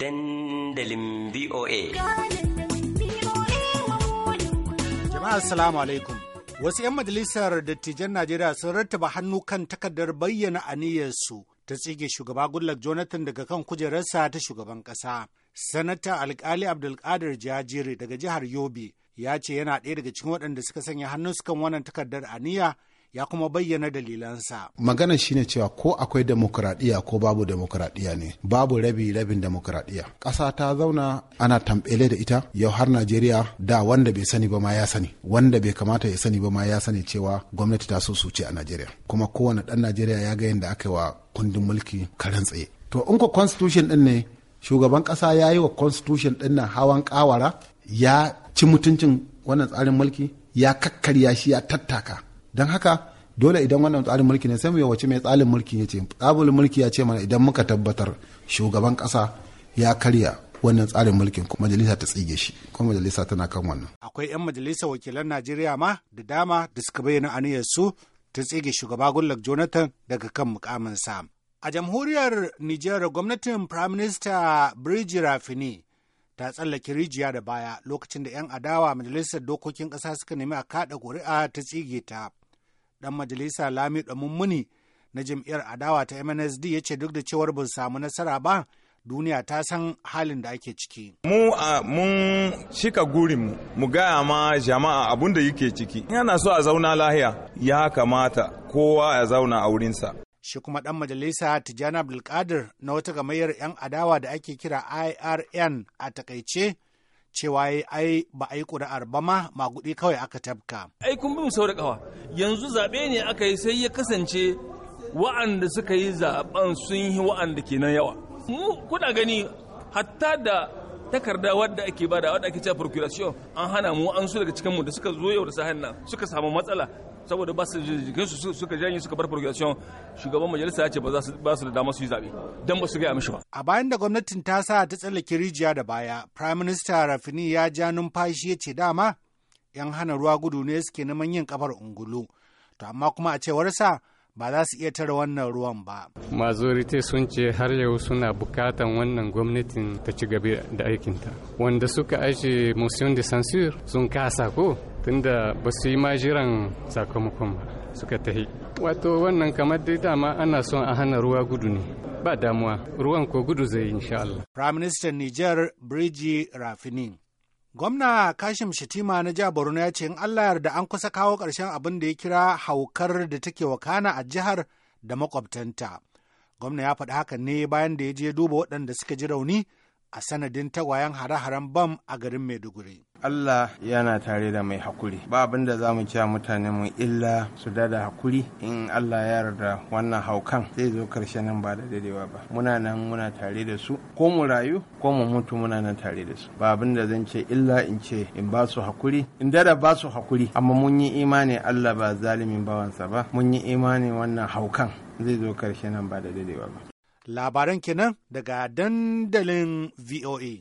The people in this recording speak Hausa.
dandalin VOA. Jama'a Salamu alaikum. Wasu 'yan majalisar dattijan Najeriya sun rattaba hannu kan takardar bayyana aniyarsu ta tsige shugaba Goodluck Jonathan daga kan kujerarsa ta shugaban ƙasa. Sanata Alkali Abdulkadir Jajiri daga jihar Yobe ya ce yana ɗaya daga cikin waɗanda suka sanya hannu kan wannan takardar aniya ya kuma bayyana dalilansa. Magana shine cewa ko akwai demokuraɗiyya ko babu demokuraɗiyya ne, babu rabi rabin demokuraɗiyya. Ƙasa ta zauna ana tambele da ita, yau har Najeriya da wanda bai sani ba ma ya sani, wanda bai kamata ya sani ba ma ya sani cewa gwamnati ta so su ce a Najeriya. Kuma kowane ɗan Najeriya ya ga yadda aka yi wa kundin mulki karen tsaye. To in ko constitution ɗin ne shugaban ƙasa ya yi wa constitution ɗin nan hawan ƙawara ya ci mutuncin wannan tsarin mulki ya kakkarya shi ya tattaka don haka dole idan wannan tsarin mulki ne sai mu yawace mai tsarin mulki ya ce tsarin mulki ya ce mana idan muka tabbatar shugaban kasa ya karya wannan tsarin mulkin kuma majalisa ta tsige shi kuma majalisa tana kan wannan akwai yan majalisa wakilan Najeriya ma da dama da suka bayyana aniyar su ta tsige shugaba Goodluck Jonathan daga kan mukamin sa a jamhuriyar Nijar gwamnatin Prime Minister Birji Rafini ta tsallake rijiya da baya lokacin da 'yan adawa majalisar dokokin kasa suka nemi a kaɗa ƙuri'a ta tsige ta dan majalisa Lami Mummuni na jam'iyyar adawa ta MNSD ya ce duk da cewar bin samu nasara ba duniya ta san halin da ake ciki. Mu a mun shika gurin mu gaya ma jama'a abun da yake ciki. Yana so a zauna lahiya ya kamata kowa ya zauna a wurinsa. Shi kuma ɗan majalisa Tijjani Abdulkadir na wata gamayyar 'yan adawa da ake kira IRN a takaice cewa ai ba a yi ƙuri'ar ba ma maguɗi kawai aka tafka. Ai kun bi mu sau da ƙawa yanzu zaɓe ne aka yi sai ya kasance wa'anda suka yi zaɓen sun yi wa'anda ke nan yawa. Mu kuna gani hatta da takarda wadda ake bada wadda ake cewa procuration an hana mu an su daga cikin mu da suka zo yau da sahan nan suka samu matsala saboda ba su jikin su suka janye suka bar procuration shugaban majalisa ya ce ba su su da dama su yi zabe dan ba su ga mishi ba a bayan da gwamnatin ta sa ta tsallake rijiya da baya prime minister Rafini ya ja numfashi ya ce dama yan hana ruwa gudu ne suke na manyan kafar ungulu to amma kuma a cewarsa sa ba za su iya tare wannan ruwan ba. Mazorite sun ce har yau suna bukatan wannan gwamnatin ta ci gaba da aikinta. Wanda suka aje motion de censure sun kasa ko tunda ba su yi majiran sakamakon ba suka tahi. Wato wannan kamar dai dama ana son a hana ruwa gudu ne. Ba damuwa, ruwan ko gudu zai insha Allah. Prime Minister Niger Rafinin Gwamna Kashim Shatima na jihar Borno ya ce in Allah yarda an kusa kawo ƙarshen abin da ya kira haukar da take wakana a jihar da makwabtanta. Gwamna ya faɗi hakan ne bayan da ya je duba waɗanda suka ji rauni a sanadin tagwayen hare-haren bam a garin Maiduguri. Allah yana tare da mai hakuri. Ba abin da za mu cewa mutane mu illa su dada hakuri in Allah ya yarda wannan haukan zai zo karshe nan ba da dadewa ba. Muna nan muna tare da su ko mu rayu ko mu mutu muna nan tare da su. Ba abin da zan ce illa in ce in ba su hakuri in dada ba su hakuri amma mun yi imani Allah ba zalimin bawansa ba mun yi imani wannan haukan zai zo karshe nan ba da dadewa ba. Labaran kenan daga dandalin VOA.